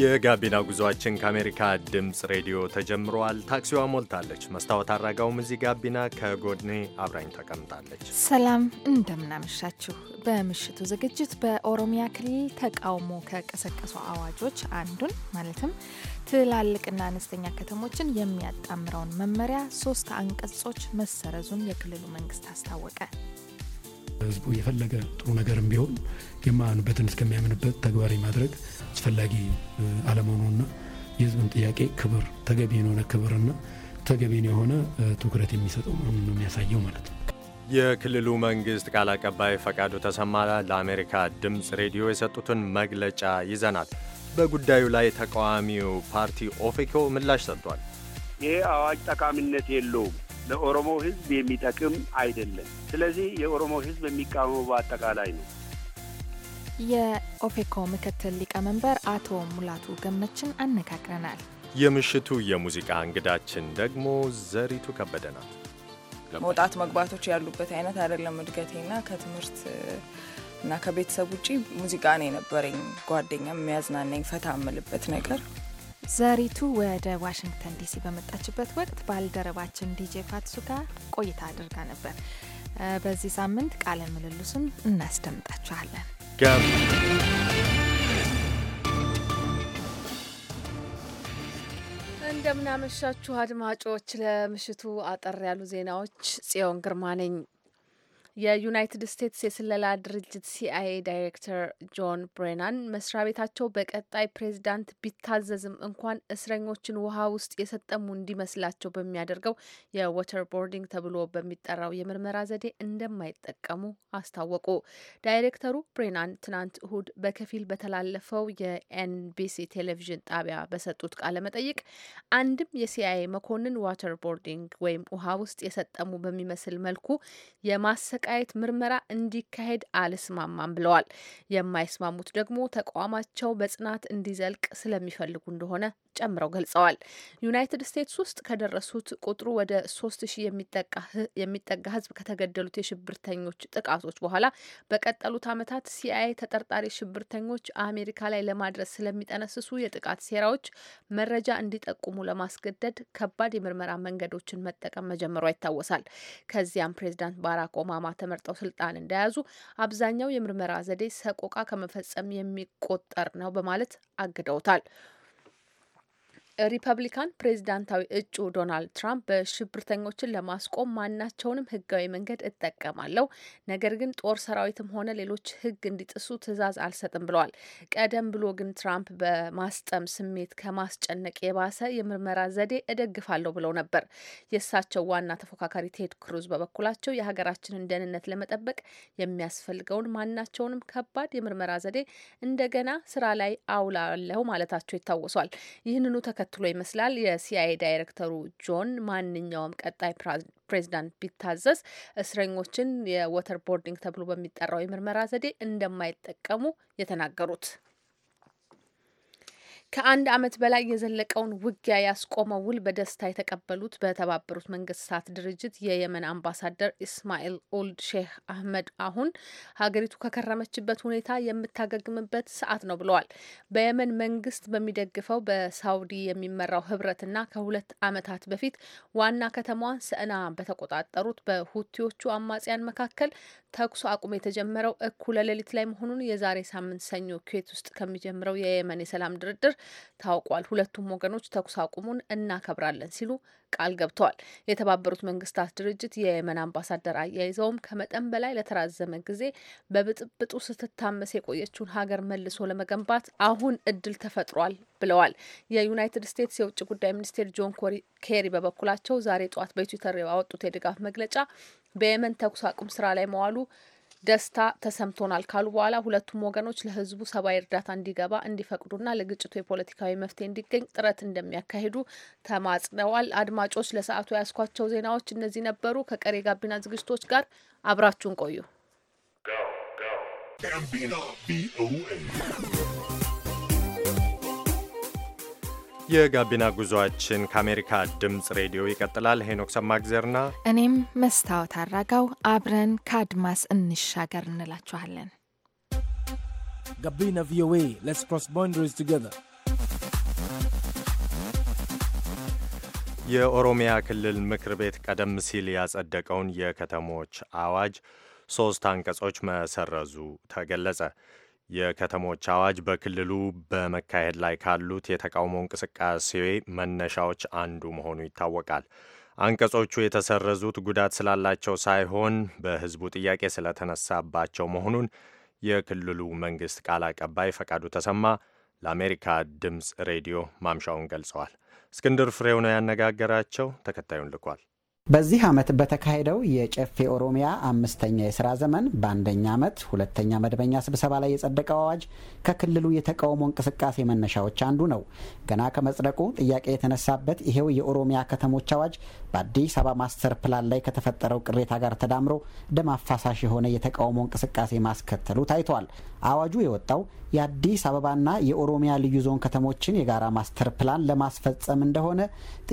የጋቢና ጉዞአችን ከአሜሪካ ድምፅ ሬዲዮ ተጀምሯል። ታክሲዋ ሞልታለች። መስታወት አድራጋውም እዚህ ጋቢና ከጎድኔ አብራኝ ተቀምጣለች። ሰላም እንደምናመሻችሁ። በምሽቱ ዝግጅት በኦሮሚያ ክልል ተቃውሞ ከቀሰቀሱ አዋጆች አንዱን ማለትም ትላልቅና አነስተኛ ከተሞችን የሚያጣምረውን መመሪያ ሶስት አንቀጾች መሰረዙን የክልሉ መንግስት አስታወቀ። ህዝቡ የፈለገ ጥሩ ነገርም ቢሆን የማያምንበትን እስከሚያምንበት ተግባራዊ ማድረግ አስፈላጊ አለመሆኑና የህዝብን ጥያቄ ክብር ተገቢ የሆነ ክብርና ተገቢን የሆነ ትኩረት የሚሰጠው መሆኑን ነው የሚያሳየው ማለት ነው። የክልሉ መንግስት ቃል አቀባይ ፈቃዱ ተሰማ ለአሜሪካ ድምፅ ሬዲዮ የሰጡትን መግለጫ ይዘናል። በጉዳዩ ላይ ተቃዋሚው ፓርቲ ኦፌኮ ምላሽ ሰጥቷል። ይሄ አዋጅ ጠቃሚነት የለውም ለኦሮሞ ህዝብ የሚጠቅም አይደለም። ስለዚህ የኦሮሞ ህዝብ የሚቃወመው በአጠቃላይ ነው። የኦፌኮ ምክትል ሊቀመንበር አቶ ሙላቱ ገመችን አነጋግረናል። የምሽቱ የሙዚቃ እንግዳችን ደግሞ ዘሪቱ ከበደ ናት። መውጣት መግባቶች ያሉበት አይነት አይደለም። እድገቴና ከትምህርት እና ከቤተሰብ ውጭ ሙዚቃ ነው የነበረኝ ጓደኛም የሚያዝናናኝ ፈታ ምልበት ነገር ዘሪቱ ወደ ዋሽንግተን ዲሲ በመጣችበት ወቅት ባልደረባችን ዲጄ ፋትሱ ጋር ቆይታ አድርጋ ነበር። በዚህ ሳምንት ቃለ ምልልሱን እናስደምጣችኋለን። እንደምናመሻችሁ አድማጮች፣ ለምሽቱ አጠር ያሉ ዜናዎች ጽዮን ግርማ ነኝ። የዩናይትድ ስቴትስ የስለላ ድርጅት ሲአይኤ ዳይሬክተር ጆን ብሬናን መስሪያ ቤታቸው በቀጣይ ፕሬዚዳንት ቢታዘዝም እንኳን እስረኞችን ውሃ ውስጥ የሰጠሙ እንዲመስላቸው በሚያደርገው የወተር ቦርዲንግ ተብሎ በሚጠራው የምርመራ ዘዴ እንደማይጠቀሙ አስታወቁ። ዳይሬክተሩ ብሬናን ትናንት እሁድ በከፊል በተላለፈው የኤንቢሲ ቴሌቪዥን ጣቢያ በሰጡት ቃለ መጠይቅ አንድም የሲአይኤ መኮንን ዋተር ቦርዲንግ ወይም ውሃ ውስጥ የሰጠሙ በሚመስል መልኩ የማሰ የመሰቃየት ምርመራ እንዲካሄድ አልስማማም ብለዋል። የማይስማሙት ደግሞ ተቋማቸው በጽናት እንዲዘልቅ ስለሚፈልጉ እንደሆነ ጨምረው ገልጸዋል። ዩናይትድ ስቴትስ ውስጥ ከደረሱት ቁጥሩ ወደ ሶስት ሺህ የሚጠጋ ህዝብ ከተገደሉት የሽብርተኞች ጥቃቶች በኋላ በቀጠሉት ዓመታት ሲአይኤ ተጠርጣሪ ሽብርተኞች አሜሪካ ላይ ለማድረስ ስለሚጠነስሱ የጥቃት ሴራዎች መረጃ እንዲጠቁሙ ለማስገደድ ከባድ የምርመራ መንገዶችን መጠቀም መጀመሯ ይታወሳል። ከዚያም ፕሬዚዳንት ባራክ ኦባማ ተመርጠው ስልጣን እንደያዙ አብዛኛው የምርመራ ዘዴ ሰቆቃ ከመፈጸም የሚቆጠር ነው በማለት አግደውታል። ሪፐብሊካን ፕሬዚዳንታዊ እጩ ዶናልድ ትራምፕ በሽብርተኞችን ለማስቆም ማናቸውንም ህጋዊ መንገድ እጠቀማለሁ፣ ነገር ግን ጦር ሰራዊትም ሆነ ሌሎች ህግ እንዲጥሱ ትዕዛዝ አልሰጥም ብለዋል። ቀደም ብሎ ግን ትራምፕ በማስጠም ስሜት ከማስጨነቅ የባሰ የምርመራ ዘዴ እደግፋለሁ ብለው ነበር። የእሳቸው ዋና ተፎካካሪ ቴድ ክሩዝ በበኩላቸው የሀገራችንን ደህንነት ለመጠበቅ የሚያስፈልገውን ማናቸውንም ከባድ የምርመራ ዘዴ እንደገና ስራ ላይ አውላለሁ ማለታቸው ይታወሷል። ይህንኑ ተከ ተከትሎ ይመስላል የሲአይኤ ዳይሬክተሩ ጆን ማንኛውም ቀጣይ ፕሬዚዳንት ቢታዘዝ እስረኞችን የወተር ቦርዲንግ ተብሎ በሚጠራው የምርመራ ዘዴ እንደማይጠቀሙ የተናገሩት። ከአንድ ዓመት በላይ የዘለቀውን ውጊያ ያስቆመው ውል በደስታ የተቀበሉት በተባበሩት መንግስታት ድርጅት የየመን አምባሳደር ኢስማኤል ኦልድ ሼህ አህመድ አሁን ሀገሪቱ ከከረመችበት ሁኔታ የምታገግምበት ሰዓት ነው ብለዋል። በየመን መንግስት በሚደግፈው በሳውዲ የሚመራው ህብረትና ከሁለት ዓመታት በፊት ዋና ከተማዋን ሰዕና በተቆጣጠሩት በሁቲዎቹ አማጽያን መካከል ተኩስ አቁም የተጀመረው እኩለ ሌሊት ላይ መሆኑን የዛሬ ሳምንት ሰኞ ኩዌት ውስጥ ከሚጀምረው የየመን የሰላም ድርድር ታውቋል። ሁለቱም ወገኖች ተኩስ አቁሙን እናከብራለን ሲሉ ቃል ገብተዋል። የተባበሩት መንግስታት ድርጅት የየመን አምባሳደር አያይዘውም ከመጠን በላይ ለተራዘመ ጊዜ በብጥብጡ ስትታመስ የቆየችውን ሀገር መልሶ ለመገንባት አሁን እድል ተፈጥሯል ብለዋል። የዩናይትድ ስቴትስ የውጭ ጉዳይ ሚኒስቴር ጆን ኬሪ በበኩላቸው ዛሬ ጠዋት በትዊተር ያወጡት የድጋፍ መግለጫ በየመን ተኩስ አቁም ስራ ላይ መዋሉ ደስታ ተሰምቶናል ካሉ በኋላ ሁለቱም ወገኖች ለህዝቡ ሰብአዊ እርዳታ እንዲገባ እንዲፈቅዱና ለግጭቱ የፖለቲካዊ መፍትሄ እንዲገኝ ጥረት እንደሚያካሂዱ ተማጽነዋል። አድማጮች ለሰዓቱ ያስኳቸው ዜናዎች እነዚህ ነበሩ። ከቀሪ ጋቢና ዝግጅቶች ጋር አብራችሁን ቆዩ። የጋቢና ጉዞአችን ከአሜሪካ ድምፅ ሬዲዮ ይቀጥላል። ሄኖክ ሰማግዜርና እኔም መስታወት አራጋው አብረን ከአድማስ እንሻገር እንላችኋለን። ጋቢና ቪኦኤ ሌትስ ክሮስ ቦንደሪስ ቱጌዘር የኦሮሚያ ክልል ምክር ቤት ቀደም ሲል ያጸደቀውን የከተሞች አዋጅ ሶስት አንቀጾች መሰረዙ ተገለጸ። የከተሞች አዋጅ በክልሉ በመካሄድ ላይ ካሉት የተቃውሞ እንቅስቃሴ መነሻዎች አንዱ መሆኑ ይታወቃል። አንቀጾቹ የተሰረዙት ጉዳት ስላላቸው ሳይሆን በሕዝቡ ጥያቄ ስለተነሳባቸው መሆኑን የክልሉ መንግስት ቃል አቀባይ ፈቃዱ ተሰማ ለአሜሪካ ድምፅ ሬዲዮ ማምሻውን ገልጸዋል። እስክንድር ፍሬው ነው ያነጋገራቸው፣ ተከታዩን ልኳል። በዚህ ዓመት በተካሄደው የጨፌ ኦሮሚያ አምስተኛ የስራ ዘመን በአንደኛ ዓመት ሁለተኛ መደበኛ ስብሰባ ላይ የጸደቀው አዋጅ ከክልሉ የተቃውሞ እንቅስቃሴ መነሻዎች አንዱ ነው። ገና ከመጽደቁ ጥያቄ የተነሳበት ይሄው የኦሮሚያ ከተሞች አዋጅ በአዲስ አበባ ማስተር ፕላን ላይ ከተፈጠረው ቅሬታ ጋር ተዳምሮ ደም አፋሳሽ የሆነ የተቃውሞ እንቅስቃሴ ማስከተሉ ታይቷል። አዋጁ የወጣው የአዲስ አበባና የኦሮሚያ ልዩ ዞን ከተሞችን የጋራ ማስተር ፕላን ለማስፈጸም እንደሆነ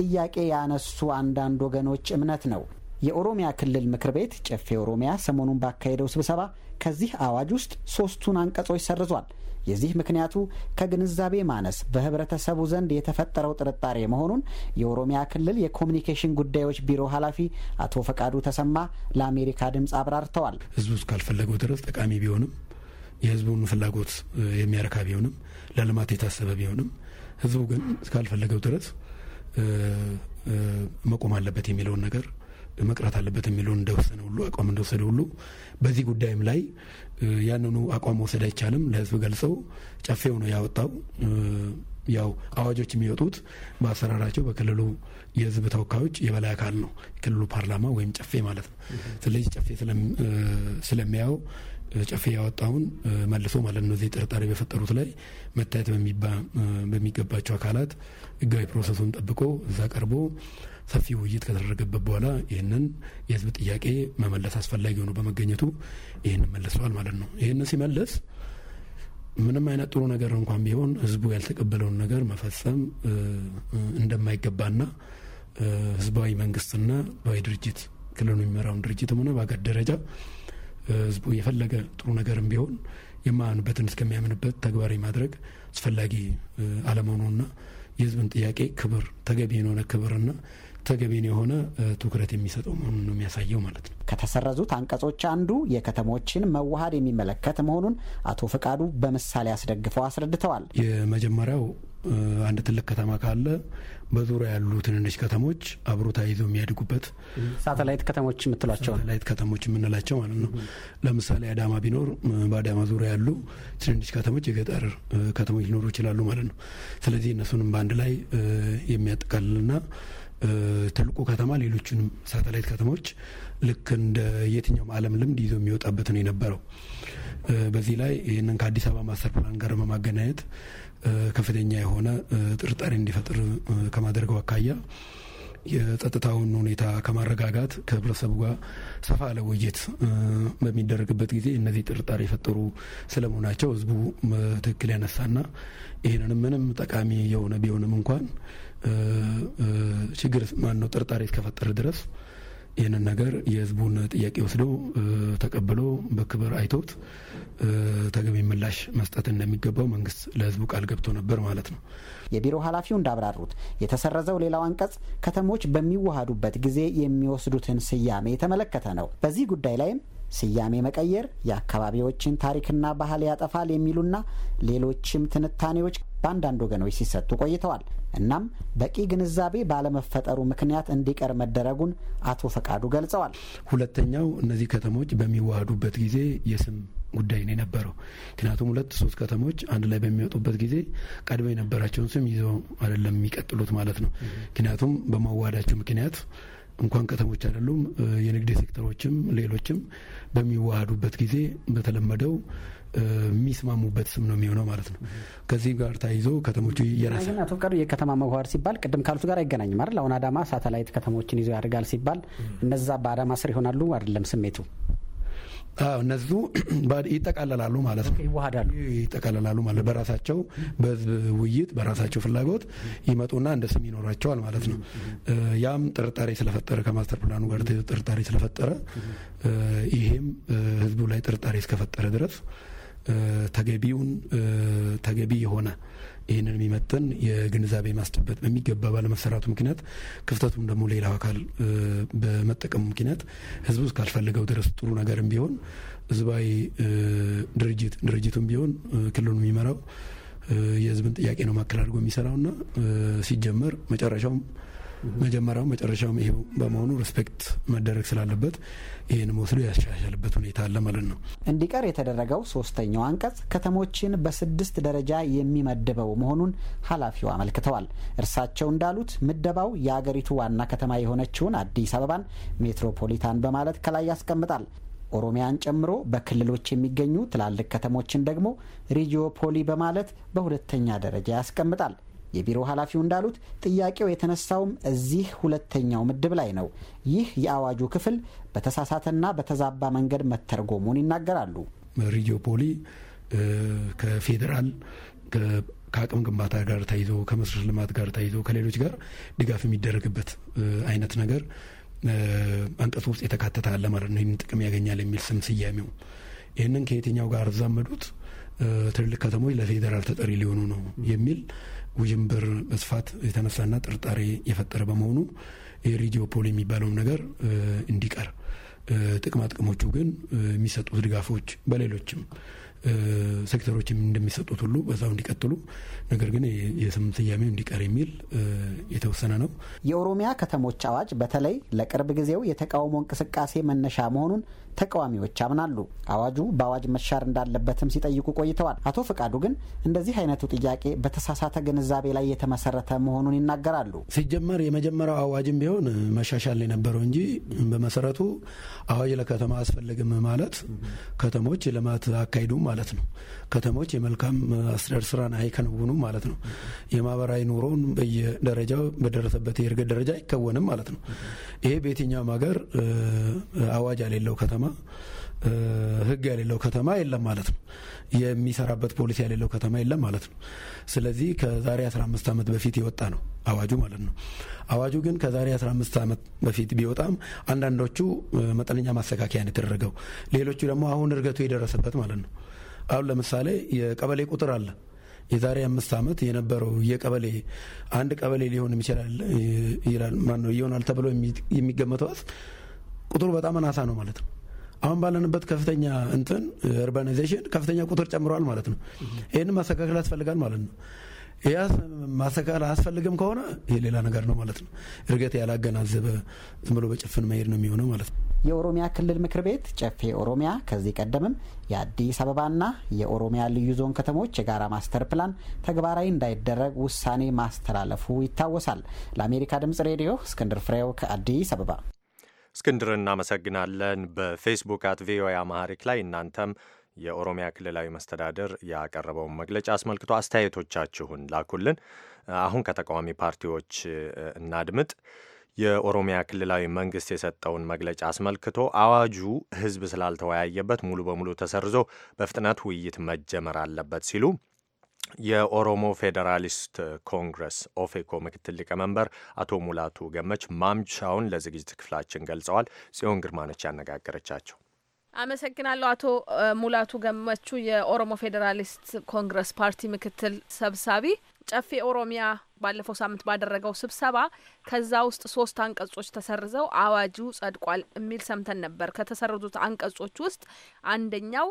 ጥያቄ ያነሱ አንዳንድ ወገኖች እምነት ነው። የኦሮሚያ ክልል ምክር ቤት ጨፌ ኦሮሚያ ሰሞኑን ባካሄደው ስብሰባ ከዚህ አዋጅ ውስጥ ሶስቱን አንቀጾች ሰርዟል። የዚህ ምክንያቱ ከግንዛቤ ማነስ በህብረተሰቡ ዘንድ የተፈጠረው ጥርጣሬ መሆኑን የኦሮሚያ ክልል የኮሚኒኬሽን ጉዳዮች ቢሮ ኃላፊ አቶ ፈቃዱ ተሰማ ለአሜሪካ ድምፅ አብራርተዋል። ህዝቡ እስካልፈለገው ድረስ ጠቃሚ ቢሆንም የህዝቡን ፍላጎት የሚያረካ ቢሆንም ለልማት የታሰበ ቢሆንም ህዝቡ ግን እስካልፈለገው ድረስ መቆም አለበት የሚለውን ነገር መቅረት አለበት የሚለውን እንደወሰነ ሁሉ አቋም እንደወሰደ ሁሉ በዚህ ጉዳይም ላይ ያንኑ አቋም መውሰድ አይቻልም። ለህዝብ ገልጸው ጨፌው ነው ያወጣው። ያው አዋጆች የሚወጡት በአሰራራቸው በክልሉ የህዝብ ተወካዮች የበላይ አካል ነው፣ የክልሉ ፓርላማ ወይም ጨፌ ማለት ነው። ስለዚህ ጨፌ ስለሚያየው ጨፌ ያወጣውን መልሶ ማለት ነው እዚህ ጥርጣሬ በፈጠሩት ላይ መታየት በሚገባቸው አካላት ህጋዊ ፕሮሰሱን ጠብቆ እዛ ቀርቦ ሰፊ ውይይት ከተደረገበት በኋላ ይህንን የህዝብ ጥያቄ መመለስ አስፈላጊ ሆኖ በመገኘቱ ይህን መልሰዋል ማለት ነው። ይህን ሲመለስ ምንም አይነት ጥሩ ነገር እንኳን ቢሆን ህዝቡ ያልተቀበለውን ነገር መፈጸም እንደማይገባና ህዝባዊ መንግስትና ህዝባዊ ድርጅት ክልሉ የሚመራውን ድርጅትም ሆነ በአገር ደረጃ ህዝቡ የፈለገ ጥሩ ነገርም ቢሆን የማያምንበትን እስከሚያምንበት ተግባራዊ ማድረግ አስፈላጊ አለመሆኑና የህዝብን ጥያቄ ክብር ተገቢ የሆነ ክብርና ተገቢን የሆነ ትኩረት የሚሰጠው መሆኑን ነው የሚያሳየው ማለት ነው። ከተሰረዙት አንቀጾች አንዱ የከተሞችን መዋሃድ የሚመለከት መሆኑን አቶ ፈቃዱ በምሳሌ አስደግፈው አስረድተዋል። የመጀመሪያው አንድ ትልቅ ከተማ ካለ በዙሪያ ያሉ ትንንሽ ከተሞች አብሮ ተያይዘው የሚያድጉበት ሳተላይት ከተሞች የምትሏቸው ሳተላይት ከተሞች የምንላቸው ማለት ነው። ለምሳሌ አዳማ ቢኖር በአዳማ ዙሪያ ያሉ ትንንሽ ከተሞች የገጠር ከተሞች ሊኖሩ ይችላሉ ማለት ነው። ስለዚህ እነሱንም በአንድ ላይ የሚያጠቃልልና ትልቁ ከተማ ሌሎቹንም ሳተላይት ከተሞች ልክ እንደ የትኛውም ዓለም ልምድ ይዞ የሚወጣበት ነው የነበረው። በዚህ ላይ ይህንን ከአዲስ አበባ ማስተር ፕላን ጋር በማገናኘት ከፍተኛ የሆነ ጥርጣሬ እንዲፈጥር ከማድረገው አካያ የጸጥታውን ሁኔታ ከማረጋጋት ከህብረተሰቡ ጋር ሰፋ ያለ ውይይት በሚደረግበት ጊዜ እነዚህ ጥርጣሬ የፈጠሩ ስለመሆናቸው ህዝቡ ትክክል ያነሳና ይህንንም ምንም ጠቃሚ የሆነ ቢሆንም እንኳን ችግር ማነው ጥርጣሬ እስከፈጠረ ድረስ ይህንን ነገር የህዝቡን ጥያቄ ወስዶ ተቀብሎ በክብር አይቶት ተገቢ ምላሽ መስጠት እንደሚገባው መንግስት ለህዝቡ ቃል ገብቶ ነበር ማለት ነው። የቢሮ ኃላፊው እንዳብራሩት የተሰረዘው ሌላው አንቀጽ ከተሞች በሚዋሃዱበት ጊዜ የሚወስዱትን ስያሜ የተመለከተ ነው። በዚህ ጉዳይ ላይም ስያሜ መቀየር የአካባቢዎችን ታሪክና ባህል ያጠፋል የሚሉና ሌሎችም ትንታኔዎች በአንዳንድ ወገኖች ሲሰጡ ቆይተዋል። እናም በቂ ግንዛቤ ባለመፈጠሩ ምክንያት እንዲቀር መደረጉን አቶ ፈቃዱ ገልጸዋል። ሁለተኛው እነዚህ ከተሞች በሚዋሃዱበት ጊዜ የስም ጉዳይ ነው የነበረው። ምክንያቱም ሁለት ሶስት ከተሞች አንድ ላይ በሚወጡበት ጊዜ ቀድሞ የነበራቸውን ስም ይዘው አይደለም የሚቀጥሉት ማለት ነው። ምክንያቱም በመዋሃዳቸው ምክንያት እንኳን ከተሞች አይደሉም የንግድ ሴክተሮችም ሌሎችም በሚዋሃዱበት ጊዜ በተለመደው የሚስማሙበት ስም ነው የሚሆነው ማለት ነው። ከዚህ ጋር ተያይዞ ከተሞቹ እየራሰ አቶ ፍቃዱ የከተማ መዋሃድ ሲባል ቅድም ካሉት ጋር አይገናኝም አይደል? አሁን አዳማ ሳተላይት ከተሞችን ይዞ ያደርጋል ሲባል እነዛ በአዳማ ስር ይሆናሉ አይደለም ስሜቱ እነሱ ይጠቃለላሉ ማለት ነው። ይዋሃዳሉ፣ ይጠቃለላሉ ማለት በራሳቸው በህዝብ ውይይት በራሳቸው ፍላጎት ይመጡና እንደ ስም ይኖራቸዋል ማለት ነው። ያም ጥርጣሬ ስለፈጠረ ከማስተር ፕላኑ ጋር ጥርጣሬ ስለፈጠረ ይሄም ህዝቡ ላይ ጥርጣሬ እስከፈጠረ ድረስ ተገቢውን ተገቢ የሆነ ይህንን የሚመጥን የግንዛቤ ማስጨበጥ በሚገባ ባለመሰራቱ ምክንያት ክፍተቱም ደግሞ ሌላው አካል በመጠቀሙ ምክንያት ህዝቡ እስካልፈልገው ድረስ ጥሩ ነገርም ቢሆን ህዝባዊ ድርጅት ድርጅቱም ቢሆን ክልሉን የሚመራው የህዝብን ጥያቄ ነው ማከል አድርጎ የሚሰራውና ሲጀመር መጨረሻውም መጀመሪያው መጨረሻውም ይሄው በመሆኑ ሪስፔክት መደረግ ስላለበት ይህን ወስዶ ያሻሻልበት ሁኔታ አለ ማለት ነው። እንዲቀር የተደረገው ሶስተኛው አንቀጽ ከተሞችን በስድስት ደረጃ የሚመድበው መሆኑን ኃላፊው አመልክተዋል። እርሳቸው እንዳሉት ምደባው የአገሪቱ ዋና ከተማ የሆነችውን አዲስ አበባን ሜትሮፖሊታን በማለት ከላይ ያስቀምጣል። ኦሮሚያን ጨምሮ በክልሎች የሚገኙ ትላልቅ ከተሞችን ደግሞ ሪጂዮፖሊ በማለት በሁለተኛ ደረጃ ያስቀምጣል። የቢሮ ኃላፊው እንዳሉት ጥያቄው የተነሳውም እዚህ ሁለተኛው ምድብ ላይ ነው። ይህ የአዋጁ ክፍል በተሳሳተና በተዛባ መንገድ መተርጎሙን ይናገራሉ። ሪጂዮ ከፌዴራል ከአቅም ግንባታ ጋር ተይዞ ከመስረት ልማት ጋር ተይዞ ከሌሎች ጋር ድጋፍ የሚደረግበት አይነት ነገር አንቀጽ ውስጥ የተካተተ አለ ማለት ነው። ይህንን ጥቅም ያገኛል የሚል ስም ስያሜው ይህንን ከየትኛው ጋር አዛመዱት? ትልልቅ ከተሞች ለፌዴራል ተጠሪ ሊሆኑ ነው የሚል ውዥንብር በስፋት የተነሳና ጥርጣሬ የፈጠረ በመሆኑ ፖል የሚባለውም ነገር እንዲቀር ጥቅማ ጥቅሞቹ ግን የሚሰጡት ድጋፎች በሌሎችም ሴክተሮችም እንደሚሰጡት ሁሉ በዛው እንዲቀጥሉ፣ ነገር ግን የስም ስያሜው እንዲቀር የሚል የተወሰነ ነው። የኦሮሚያ ከተሞች አዋጅ በተለይ ለቅርብ ጊዜው የተቃውሞ እንቅስቃሴ መነሻ መሆኑን ተቃዋሚዎች ያምናሉ። አዋጁ በአዋጅ መሻር እንዳለበትም ሲጠይቁ ቆይተዋል። አቶ ፈቃዱ ግን እንደዚህ አይነቱ ጥያቄ በተሳሳተ ግንዛቤ ላይ የተመሰረተ መሆኑን ይናገራሉ። ሲጀመር የመጀመሪያው አዋጅም ቢሆን መሻሻል የነበረው እንጂ በመሰረቱ አዋጅ ለከተማ አስፈልግም ማለት ከተሞች ልማት አካሂዱም ማለት ነው። ከተሞች የመልካም አስተዳደር ስራን አይከንውኑ ማለት ነው። የማህበራዊ ኑሮን በየደረጃው በደረሰበት የእድገት ደረጃ አይከወንም ማለት ነው። ይሄ በየትኛውም ሀገር አዋጅ የሌለው ከተማ ህግ የሌለው ከተማ የለም ማለት ነው። የሚሰራበት ፖሊሲ የሌለው ከተማ የለም ማለት ነው። ስለዚህ ከዛሬ 15 ዓመት በፊት የወጣ ነው አዋጁ ማለት ነው። አዋጁ ግን ከዛሬ 15 ዓመት በፊት ቢወጣም አንዳንዶቹ መጠነኛ ማስተካከያ ነው የተደረገው፣ ሌሎቹ ደግሞ አሁን እድገቱ የደረሰበት ማለት ነው። አሁን ለምሳሌ የቀበሌ ቁጥር አለ። የዛሬ አምስት ዓመት የነበረው የቀበሌ አንድ ቀበሌ ሊሆን ይችላል ይላል ማነው ይሆናል ተብሎ የሚገመተው ቁጥሩ በጣም አናሳ ነው ማለት ነው። አሁን ባለንበት ከፍተኛ እንትን ኡርባናይዜሽን ከፍተኛ ቁጥር ጨምረዋል ማለት ነው። ይህን ማስተካከል ያስፈልጋል ማለት ነው። ያስ ማስተካከል አያስፈልግም ከሆነ ሌላ ነገር ነው ማለት ነው። እድገት ያላገናዘበ ዝም ብሎ በጭፍን መሄድ ነው የሚሆነው ማለት ነው። የኦሮሚያ ክልል ምክር ቤት ጨፌ ኦሮሚያ ከዚህ ቀደምም የአዲስ አበባና የኦሮሚያ ልዩ ዞን ከተሞች የጋራ ማስተር ፕላን ተግባራዊ እንዳይደረግ ውሳኔ ማስተላለፉ ይታወሳል። ለአሜሪካ ድምጽ ሬዲዮ እስክንድር ፍሬው ከአዲስ አበባ እስክንድር እናመሰግናለን። በፌስቡክ አት ቪኦኤ አማሪክ ላይ እናንተም የኦሮሚያ ክልላዊ መስተዳደር ያቀረበውን መግለጫ አስመልክቶ አስተያየቶቻችሁን ላኩልን። አሁን ከተቃዋሚ ፓርቲዎች እናድምጥ። የኦሮሚያ ክልላዊ መንግስት የሰጠውን መግለጫ አስመልክቶ አዋጁ ህዝብ ስላልተወያየበት ሙሉ በሙሉ ተሰርዞ በፍጥነት ውይይት መጀመር አለበት ሲሉ የኦሮሞ ፌዴራሊስት ኮንግረስ ኦፌኮ ምክትል ሊቀመንበር አቶ ሙላቱ ገመች ማምሻውን ለዝግጅት ክፍላችን ገልጸዋል። ጽዮን ግርማነች ያነጋገረቻቸው። አመሰግናለሁ አቶ ሙላቱ ገመቹ፣ የኦሮሞ ፌዴራሊስት ኮንግረስ ፓርቲ ምክትል ሰብሳቢ። ጨፌ ኦሮሚያ ባለፈው ሳምንት ባደረገው ስብሰባ ከዛ ውስጥ ሶስት አንቀጾች ተሰርዘው አዋጁ ጸድቋል የሚል ሰምተን ነበር። ከተሰረዙት አንቀጾች ውስጥ አንደኛው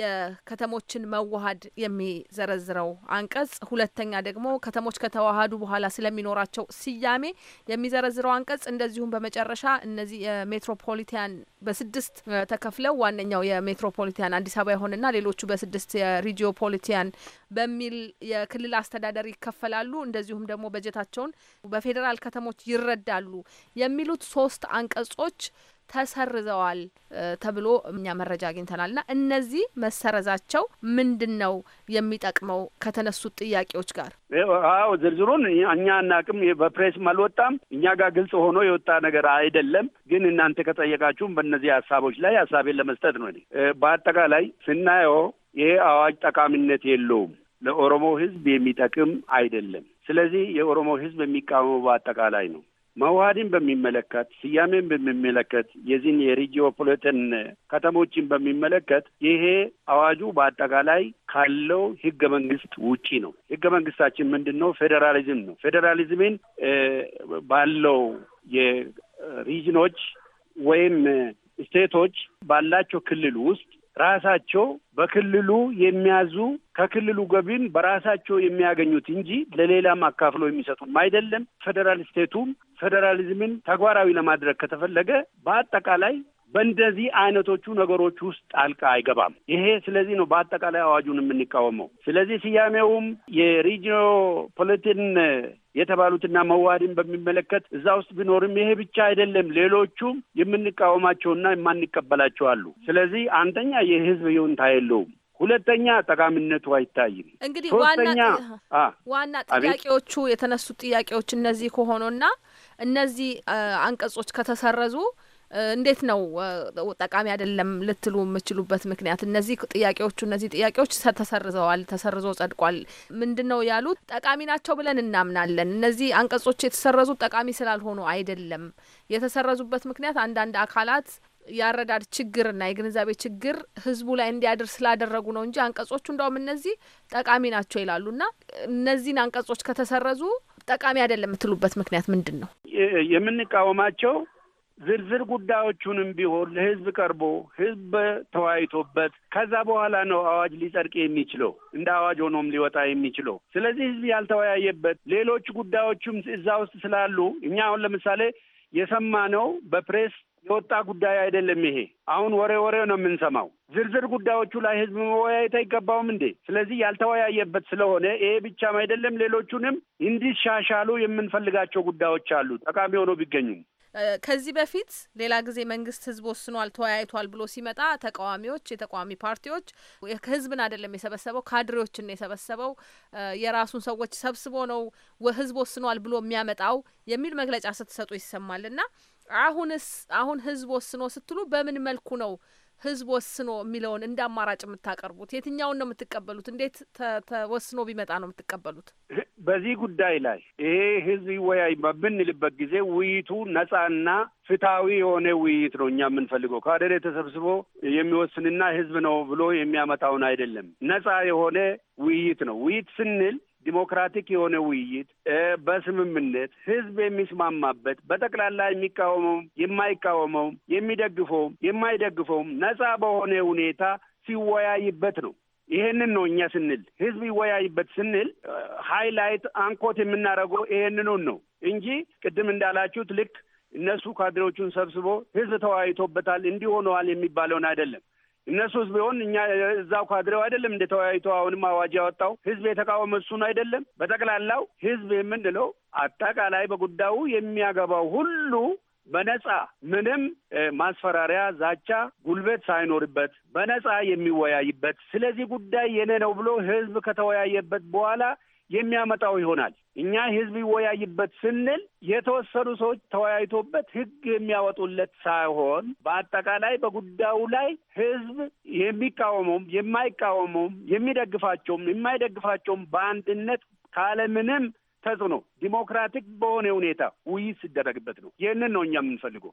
የከተሞችን መዋሀድ የሚዘረዝረው አንቀጽ፣ ሁለተኛ ደግሞ ከተሞች ከተዋሀዱ በኋላ ስለሚኖራቸው ስያሜ የሚዘረዝረው አንቀጽ፣ እንደዚሁም በመጨረሻ እነዚህ የሜትሮፖሊቲያን በስድስት ተከፍለው ዋነኛው የሜትሮፖሊቲያን አዲስ አበባ የሆነና ሌሎቹ በስድስት የሪጂዮፖሊቲያን በሚል የክልል አስተዳደር ይከፈላሉ። እንደዚሁም ደግሞ በጀታቸውን በፌዴራል ከተሞች ይረዳሉ የሚሉት ሶስት አንቀጾች ተሰርዘዋል ተብሎ እኛ መረጃ አግኝተናል። ና እነዚህ መሰረዛቸው ምንድን ነው የሚጠቅመው ከተነሱት ጥያቄዎች ጋር? አዎ ዝርዝሩን እኛ አናቅም፣ በፕሬስም አልወጣም። እኛ ጋር ግልጽ ሆኖ የወጣ ነገር አይደለም። ግን እናንተ ከጠየቃችሁም በእነዚህ ሀሳቦች ላይ ሀሳቤን ለመስጠት ነው። በአጠቃላይ ስናየው ይሄ አዋጅ ጠቃሚነት የለውም፣ ለኦሮሞ ህዝብ የሚጠቅም አይደለም። ስለዚህ የኦሮሞ ህዝብ የሚቃወመው በአጠቃላይ ነው። መዋሃድን በሚመለከት ስያሜን በሚመለከት የዚህን የሪጂኦፖሊተን ከተሞችን በሚመለከት ይሄ አዋጁ በአጠቃላይ ካለው ህገ መንግስት ውጪ ነው። ህገ መንግስታችን ምንድን ነው? ፌዴራሊዝም ነው። ፌዴራሊዝምን ባለው የሪጅኖች ወይም ስቴቶች ባላቸው ክልል ውስጥ ራሳቸው በክልሉ የሚያዙ ከክልሉ ገቢን በራሳቸው የሚያገኙት እንጂ ለሌላም አካፍሎ የሚሰጡም አይደለም። ፌዴራል ስቴቱም ፌዴራሊዝምን ተግባራዊ ለማድረግ ከተፈለገ በአጠቃላይ በእንደዚህ አይነቶቹ ነገሮች ውስጥ ጣልቃ አይገባም። ይሄ ስለዚህ ነው በአጠቃላይ አዋጁን የምንቃወመው። ስለዚህ ስያሜውም የሪጂዮ ፖለቲን የተባሉትና መዋሃድን በሚመለከት እዛ ውስጥ ቢኖርም ይሄ ብቻ አይደለም። ሌሎቹም የምንቃወማቸውና የማንቀበላቸው አሉ። ስለዚህ አንደኛ የህዝብ ይሁንታ የለውም። ሁለተኛ ጠቃሚነቱ አይታይም። እንግዲህ ዋና ዋና ጥያቄዎቹ የተነሱት ጥያቄዎች እነዚህ ከሆኑና እነዚህ አንቀጾች ከተሰረዙ እንዴት ነው ጠቃሚ አይደለም ልትሉ የምችሉበት ምክንያት? እነዚህ ጥያቄዎቹ እነዚህ ጥያቄዎች ተሰርዘዋል፣ ተሰርዞ ጸድቋል። ምንድን ነው ያሉት? ጠቃሚ ናቸው ብለን እናምናለን። እነዚህ አንቀጾች የተሰረዙት ጠቃሚ ስላልሆኑ አይደለም። የተሰረዙበት ምክንያት አንዳንድ አካላት የአረዳድ ችግርና የግንዛቤ ችግር ህዝቡ ላይ እንዲያድር ስላደረጉ ነው እንጂ አንቀጾቹ እንደውም እነዚህ ጠቃሚ ናቸው ይላሉና እነዚህን አንቀጾች ከተሰረዙ ጠቃሚ አይደለም የምትሉበት ምክንያት ምንድን ነው? የምንቃወማቸው ዝርዝር ጉዳዮቹንም ቢሆን ለህዝብ ቀርቦ ህዝብ ተወያይቶበት ከዛ በኋላ ነው አዋጅ ሊጸድቅ የሚችለው እንደ አዋጅ ሆኖም ሊወጣ የሚችለው። ስለዚህ ህዝብ ያልተወያየበት ሌሎች ጉዳዮችም እዛ ውስጥ ስላሉ እኛ አሁን ለምሳሌ የሰማ ነው በፕሬስ የወጣ ጉዳይ አይደለም። ይሄ አሁን ወሬ ወሬ ነው የምንሰማው። ዝርዝር ጉዳዮቹ ላይ ህዝብ መወያየት አይገባውም እንዴ? ስለዚህ ያልተወያየበት ስለሆነ ይሄ ብቻም አይደለም፣ ሌሎቹንም እንዲሻሻሉ የምንፈልጋቸው ጉዳዮች አሉ። ጠቃሚ ሆኖ ቢገኙም ከዚህ በፊት ሌላ ጊዜ መንግስት ህዝብ ወስኗል ተወያይቷል ብሎ ሲመጣ ተቃዋሚዎች፣ የተቃዋሚ ፓርቲዎች ህዝብን አይደለም የሰበሰበው ካድሬዎችን የሰበሰበው የራሱን ሰዎች ሰብስቦ ነው ህዝብ ወስኗል ብሎ የሚያመጣው የሚል መግለጫ ስትሰጡ ይሰማልና አሁንስ አሁን ህዝብ ወስኖ ስትሉ በምን መልኩ ነው ህዝብ ወስኖ የሚለውን እንደ አማራጭ የምታቀርቡት የትኛውን ነው የምትቀበሉት? እንዴት ተወስኖ ቢመጣ ነው የምትቀበሉት? በዚህ ጉዳይ ላይ ይሄ ህዝብ ይወያይ በምንልበት ጊዜ ውይይቱ ነጻና ፍትሐዊ የሆነ ውይይት ነው እኛ የምንፈልገው። ካደር ተሰብስቦ የሚወስንና ህዝብ ነው ብሎ የሚያመጣውን አይደለም። ነጻ የሆነ ውይይት ነው። ውይይት ስንል ዲሞክራቲክ የሆነ ውይይት በስምምነት ህዝብ የሚስማማበት በጠቅላላ የሚቃወመውም የማይቃወመውም የሚደግፈውም የማይደግፈውም ነጻ በሆነ ሁኔታ ሲወያይበት ነው። ይሄንን ነው እኛ ስንል ህዝብ ይወያይበት ስንል ሃይላይት አንኮት የምናደርገው ይሄንኑን ነው እንጂ ቅድም እንዳላችሁት ልክ እነሱ ካድሬዎቹን ሰብስቦ ህዝብ ተወያይቶበታል እንዲሆነዋል የሚባለውን አይደለም። እነሱ ህዝብ ቢሆን እኛ እዛው ካድሬው አይደለም እንደ ተወያይቶ አሁንም አዋጅ ያወጣው ህዝብ የተቃወመ እሱን አይደለም። በጠቅላላው ህዝብ የምንለው አጠቃላይ በጉዳዩ የሚያገባው ሁሉ በነጻ ምንም ማስፈራሪያ፣ ዛቻ፣ ጉልበት ሳይኖርበት በነጻ የሚወያይበት ስለዚህ ጉዳይ የኔ ነው ብሎ ህዝብ ከተወያየበት በኋላ የሚያመጣው ይሆናል። እኛ ህዝብ ይወያይበት ስንል የተወሰኑ ሰዎች ተወያይቶበት ህግ የሚያወጡለት ሳይሆን በአጠቃላይ በጉዳዩ ላይ ህዝብ የሚቃወመውም የማይቃወመውም የሚደግፋቸውም የማይደግፋቸውም በአንድነት ካለምንም ተጽዕኖ ዲሞክራቲክ በሆነ ሁኔታ ውይይት ሲደረግበት ነው። ይህንን ነው እኛ የምንፈልገው።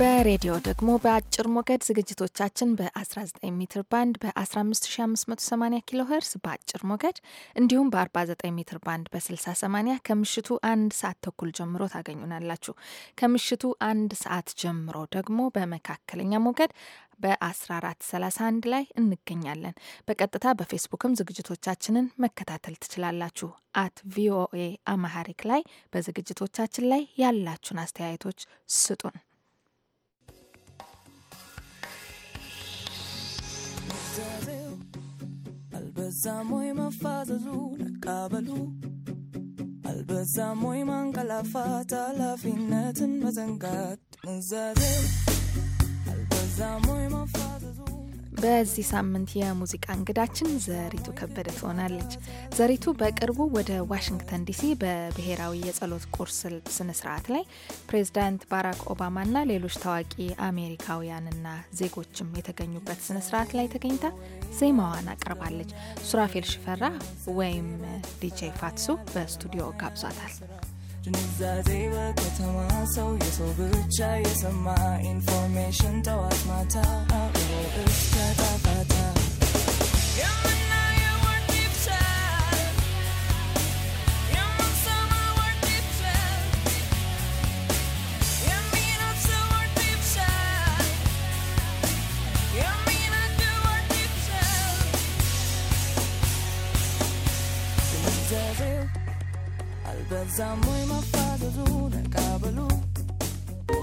በሬዲዮ ደግሞ በአጭር ሞገድ ዝግጅቶቻችን በ19 ሜትር ባንድ በ15580 ኪሎ ሄርስ በአጭር ሞገድ እንዲሁም በ49 ሜትር ባንድ በ6080 ከምሽቱ አንድ ሰዓት ተኩል ጀምሮ ታገኙናላችሁ። ከምሽቱ አንድ ሰዓት ጀምሮ ደግሞ በመካከለኛ ሞገድ በ1431 ላይ እንገኛለን። በቀጥታ በፌስቡክም ዝግጅቶቻችንን መከታተል ትችላላችሁ። አት ቪኦኤ አማሐሪክ ላይ በዝግጅቶቻችን ላይ ያላችሁን አስተያየቶች ስጡን። አልበዛም ወይ መፋዘዙ ለቃበሉ አልበዛም ወይ ማንቀላፋት ኃላፊነትን መዘንጋት ምንዘቤ አልበዛም ወይ መፋዘዙ በዚህ ሳምንት የሙዚቃ እንግዳችን ዘሪቱ ከበደ ትሆናለች። ዘሪቱ በቅርቡ ወደ ዋሽንግተን ዲሲ በብሔራዊ የጸሎት ቁርስ ስነ ስርዓት ላይ ፕሬዚዳንት ባራክ ኦባማና ሌሎች ታዋቂ አሜሪካውያንና ዜጎችም የተገኙበት ስነ ስርዓት ላይ ተገኝታ ዜማዋን አቅርባለች። ሱራፌል ሽፈራ ወይም ዲጄ ፋትሱ በስቱዲዮ ጋብዟታል። ድንዛዜ በከተማ ሰው የሰው ብቻ የሰማ ኢንፎርሜሽን ጠዋት ማታ እስከ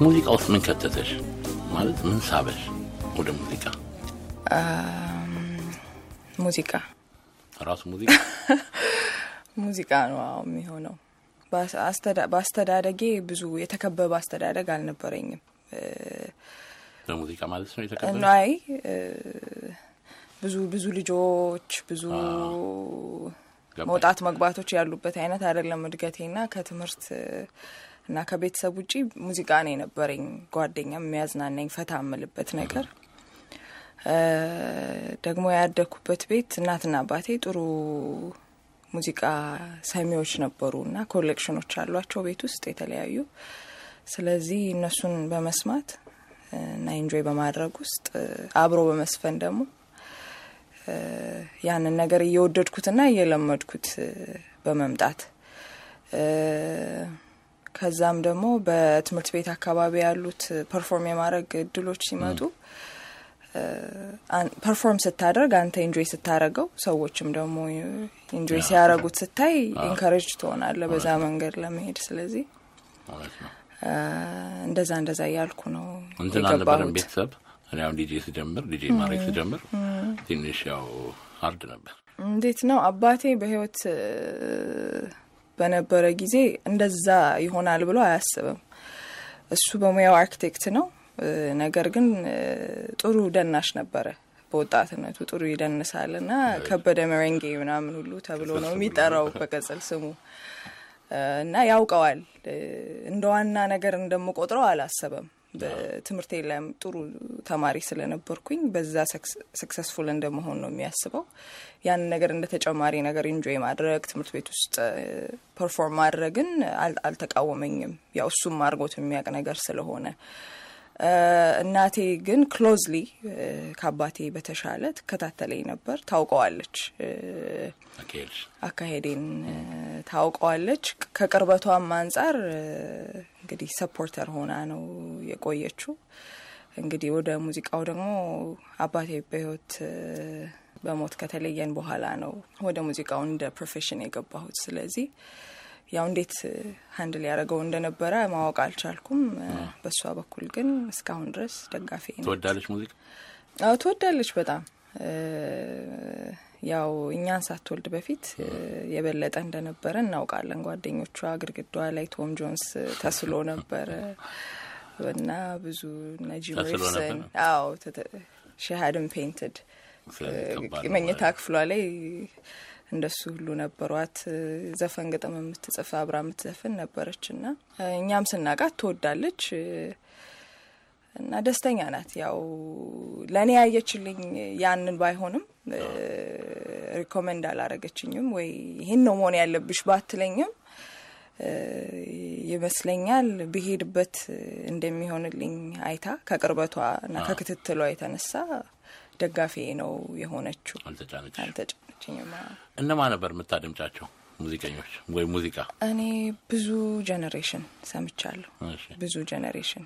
ሙዚቃ ውስጥ ምን ከተተሽ ማለት ምን ሳበሽ ወደ ሙዚቃ? ሙዚቃ ራሱ ሙዚቃ ሙዚቃ ነው የሚሆነው። በአስተዳደጌ ብዙ የተከበበ አስተዳደግ አልነበረኝም። በሙዚቃ ማለት ነው የተከበበ አይ ብዙ ብዙ ልጆች ብዙ መውጣት መግባቶች ያሉበት አይነት አይደለም። እድገቴና ከትምህርት እና ከቤተሰብ ውጪ ሙዚቃ ነው የነበረኝ ጓደኛ፣ የሚያዝናናኝ ፈታ ምልበት ነገር ደግሞ ያደግኩበት ቤት እናትና አባቴ ጥሩ ሙዚቃ ሰሚዎች ነበሩ እና ኮሌክሽኖች አሏቸው ቤት ውስጥ የተለያዩ። ስለዚህ እነሱን በመስማት እና ኢንጆይ በማድረግ ውስጥ አብሮ በመስፈን ደግሞ ያንን ነገር እየወደድኩትና እየለመድኩት በመምጣት ከዛም ደግሞ በትምህርት ቤት አካባቢ ያሉት ፐርፎርም የማድረግ እድሎች ሲመጡ ፐርፎርም ስታደርግ አንተ ኢንጆይ ስታደረገው ሰዎችም ደግሞ ኢንጆይ ሲያደረጉት ስታይ ኢንካሬጅ ትሆናለ በዛ መንገድ ለመሄድ ስለዚህ እንደዛ እንደዛ እያልኩ ነው እንትን አልነበረም ቤተሰብ እኔ አሁን ዲጄ ስጀምር ዲጄ ማድረግ ስጀምር ትንሽ ያው አርድ ነበር። እንዴት ነው አባቴ በህይወት በነበረ ጊዜ እንደዛ ይሆናል ብሎ አያስብም። እሱ በሙያው አርክቴክት ነው። ነገር ግን ጥሩ ደናሽ ነበረ። በወጣትነቱ ጥሩ ይደንሳል እና ከበደ መረንጌ ምናምን ሁሉ ተብሎ ነው የሚጠራው በቅጽል ስሙ እና ያውቀዋል። እንደ ዋና ነገር እንደምቆጥረው አላሰበም። በትምህርቴ ላይም ጥሩ ተማሪ ስለነበርኩኝ በዛ ሰክሰስፉል እንደመሆን ነው የሚያስበው። ያን ነገር እንደ ተጨማሪ ነገር ኢንጆይ ማድረግ ትምህርት ቤት ውስጥ ፐርፎርም ማድረግን አልተቃወመኝም። ያው እሱም አድርጎት የሚያውቅ ነገር ስለሆነ እናቴ ግን ክሎዝሊ ከአባቴ በተሻለ ትከታተለኝ ነበር። ታውቀዋለች፣ አካሄዴን ታውቀዋለች። ከቅርበቷም አንጻር እንግዲህ ሰፖርተር ሆና ነው የቆየችው። እንግዲህ ወደ ሙዚቃው ደግሞ አባቴ በህይወት በሞት ከተለየን በኋላ ነው ወደ ሙዚቃው እንደ ፕሮፌሽን የገባሁት። ስለዚህ ያው እንዴት ሀንድል ያደረገው እንደነበረ ማወቅ አልቻልኩም። በእሷ በኩል ግን እስካሁን ድረስ ደጋፊ ትወዳለች፣ ሙዚቃ አዎ ትወዳለች በጣም ያው እኛን ሳትወልድ በፊት የበለጠ እንደነበረ እናውቃለን። ጓደኞቿ ግድግዳዋ ላይ ቶም ጆንስ ተስሎ ነበረ እና ብዙ እነ አዎ ሺ ፔንትድ መኝታ ክፍሏ ላይ እንደሱ ሁሉ ነበሯት። ዘፈን ግጥም የምትጽፍ አብራ የምትዘፍን ነበረች እና እኛም ስናቃት ትወዳለች እና ደስተኛ ናት። ያው ለእኔ ያየችልኝ ያንን ባይሆንም ሪኮመንድ አላረገችኝም ወይ ይህን ነው መሆን ያለብሽ ባትለኝም ይመስለኛል ብሄድበት እንደሚሆንልኝ አይታ ከቅርበቷ እና ከክትትሏ የተነሳ ደጋፊ ነው የሆነችው። አልተጫነች አልተመቸኝም። እነማ ነበር የምታደምጫቸው ሙዚቀኞች ወይ ሙዚቃ? እኔ ብዙ ጀኔሬሽን ሰምቻለሁ። ብዙ ጀኔሬሽን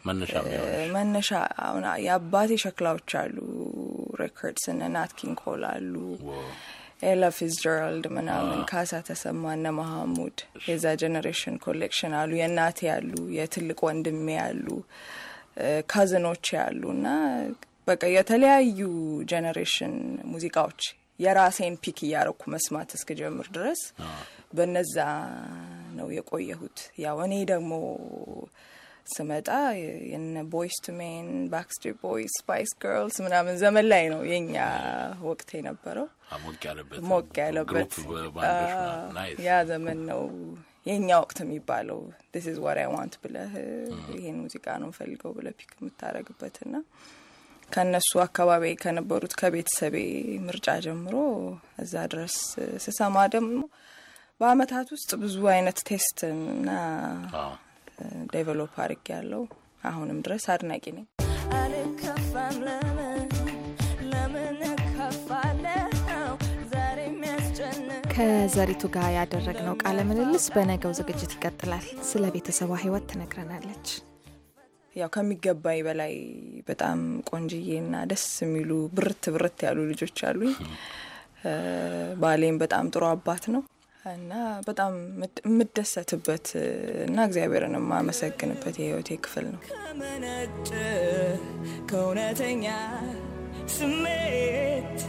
መነሻ አሁን የአባቴ ሸክላዎች አሉ ሬኮርድስ እነ ናት ኪንግ ኮል አሉ ኤላ ጀራልድ ምናምን፣ ካሳ ተሰማ፣ እነ መሐሙድ የዛ ጀኔሬሽን ኮሌክሽን አሉ። የእናቴ ያሉ፣ የትልቅ ወንድሜ ያሉ፣ ካዝኖች ያሉ እና በቃ የተለያዩ ጀኔሬሽን ሙዚቃዎች የራሴን ፒክ እያረኩ መስማት እስክጀምር ድረስ በነዛ ነው የቆየሁት። ያው እኔ ደግሞ ስመጣ የነ ቦይስ ቱ ሜን፣ ባክስትሪት ቦይስ፣ ስፓይስ ገርልስ ምናምን ዘመን ላይ ነው የኛ ወቅት የነበረው። ሞቅ ያለበት ያ ዘመን ነው የእኛ ወቅት የሚባለው። ዲስ ኢዝ ዋት አይ ዋንት ብለህ ይሄን ሙዚቃ ነው ፈልገው ብለህ ፒክ የምታደርግበትና ከነሱ አካባቢ ከነበሩት ከቤተሰቤ ምርጫ ጀምሮ እዛ ድረስ ስሰማ ደግሞ በአመታት ውስጥ ብዙ አይነት ቴስት እና ዴቨሎፕ አድርግ ያለው አሁንም ድረስ አድናቂ ነኝ። አልከፋም ለምን ለምን ከዘሪቱ ጋር ያደረግነው ቃለ ምልልስ በነገው ዝግጅት ይቀጥላል። ስለ ቤተሰቧ ህይወት ትነግረናለች። ያው ከሚገባኝ በላይ በጣም ቆንጅዬና ደስ የሚሉ ብርት ብርት ያሉ ልጆች አሉኝ። ባሌም በጣም ጥሩ አባት ነው እና በጣም የምደሰትበት እና እግዚአብሔርን የማመሰግንበት የህይወቴ ክፍል ነው። ከመነጭ ከእውነተኛ ስሜት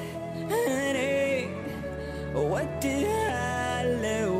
እኔ ወድሃለው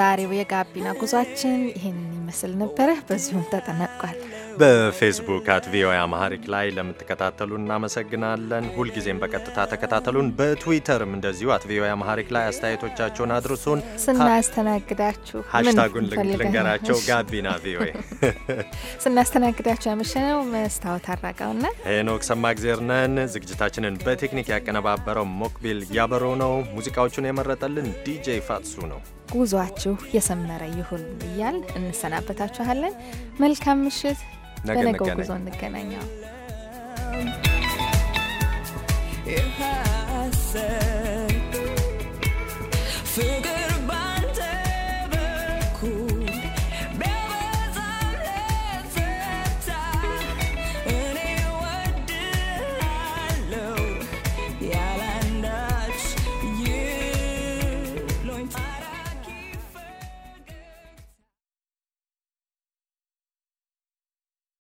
የዛሬው የጋቢና ጉዟችን ይህን ይመስል ነበረ። በዚሁም ተጠናቋል። በፌስቡክ አት ቪኦኤ አማሪክ ላይ ለምትከታተሉ እናመሰግናለን። ሁልጊዜም በቀጥታ ተከታተሉን። በትዊተርም እንደዚሁ አት ቪኦኤ አማሪክ ላይ አስተያየቶቻቸውን አድርሱን። ስናስተናግዳችሁ ሀሽታጉን ልንገራቸው ጋቢና ቪኦኤ ስናስተናግዳችሁ ያመሸነው መስታወት አራጋውና ሄኖክ ሰማእግዜር ነን። ዝግጅታችንን በቴክኒክ ያቀነባበረው ሞክቢል ያበረው ነው። ሙዚቃዎቹን የመረጠልን ዲጄ ፋትሱ ነው። ጉዟችሁ የሰመረ ይሁን እያል እንሰናበታችኋለን። መልካም ምሽት። በነገው ጉዞ እንገናኛው። Figure